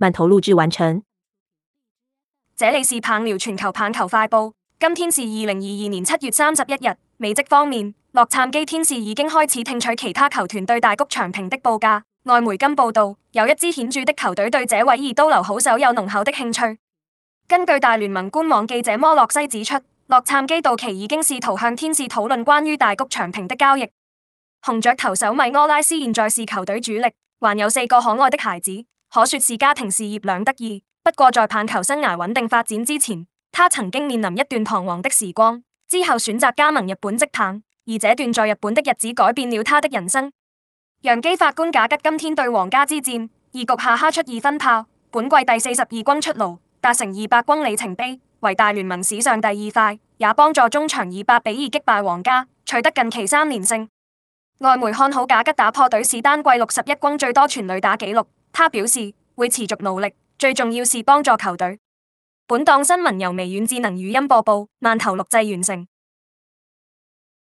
慢投錄製完成。這裏是棒聊全球棒球快報。今天是二零二二年七月三十一日。美職方面，洛杉磯天使已經開始聽取其他球團對大谷翔平的報價。外媒今報道，有一支顯著的球隊對這位二刀流好手有濃厚的興趣。根據大聯盟官網記者摩洛西指出，洛杉磯道奇已經試圖向天使討論關於大谷翔平的交易。紅雀投手米阿拉斯現在是球隊主力，還有四個可愛的孩子。可說是家庭事業兩得意，不過在棒球生涯穩定發展之前，他曾經面臨一段彷徨的時光。之後選擇加盟日本職棒，而這段在日本的日子改變了他的人生。楊基法官賈吉今天對皇家之戰，二局下敲出二分炮，本季第四十二轟出爐，達成二百轟里程碑，為大聯盟史上第二快，也幫助中場以八比二擊敗皇家，取得近期三連勝。外媒看好賈吉打破隊史單季六十一轟最多全壘打紀錄。他表示會持續努力，最重要是幫助球隊。本檔新聞由微軟智能語音播報，慢頭錄製完成。